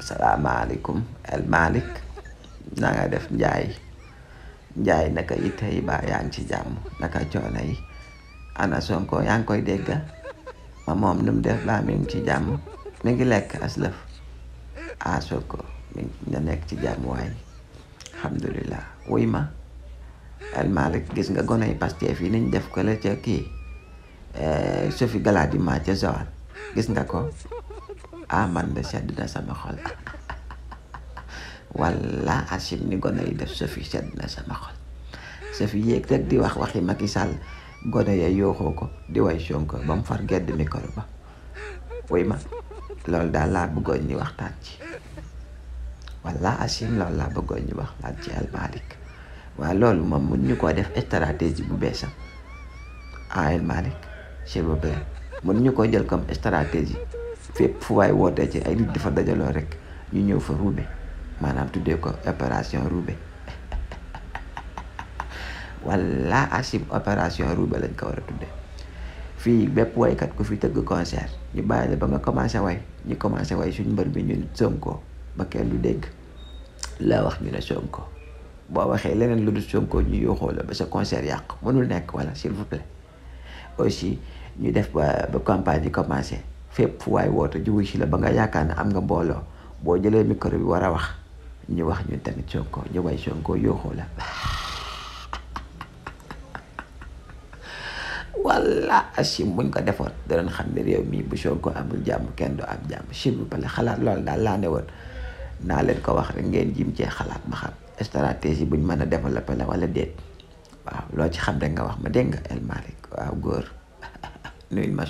salaamaaleykum El Malick na def njaay njaay naka itte yi ba ci jàmm naka coono ana Sonko yaa ngi koy dégg ma moom nu mu def ba mi ci jàmm mi ngi lekk aslëf a Sonko mi ngi nekk ci jàmm waay alhamdulilah wuy ma El Malick gis nga gone yi Pastef yi niñ def ko la ca eh, ma ca Joal gis nga ko aman ba sedd sama xol wala asim ni gone yi def sëfi sedd sama xol sëfi yéeg rek di wax waxi Macky Sall ya yooxoo ko di way eh, Sonko ba mu far gedd micro ba ma loolu daal laa bëggoon ñu waxtaan ci wala asim lol la bëggoon ñu waxtaan ci almalik waaye loolu moom mun ñu koo def stratégie bu beesam ah mun ñu ko jël comme stratégie fépp fu waay wootee ci ay nit dafa dajaloo rek ñu ñëw fa ruube maanaam tuddee ko opération ruube walla asim opération ruube lañ ko war a tuddee fii bépp waykat ku fi tëgg concert ñu bàyyi la ba nga commencé way ñu commencé way suñ mbër mi ñun Sonko ba kenn du dégg la wax ñu ne Sonko boo waxee leneen lu du Sonko ñu yooxoo la ba sa concert yàq mënul nekk walla s'il vous aussi ñu def ba ba campagne commencé fépp fu waay woote jugu ci la ba nga yaakaar ne am nga mbooloo boo jëlee micro bi war a wax ñu wax ñun tamit Sonko ñu way Sonko yooxoo la walla asim buñ ko ne réew mii bu Sonko amul jàmm kenn du am jàmm s'il vous plaît xalaat loolu daal laa ne woon ko wax rek ngeen jim xalaat ba xam stratégie buñ mën wala waaw ci xam nga wax ma dégg nga El Malick waaw góor nuyu ma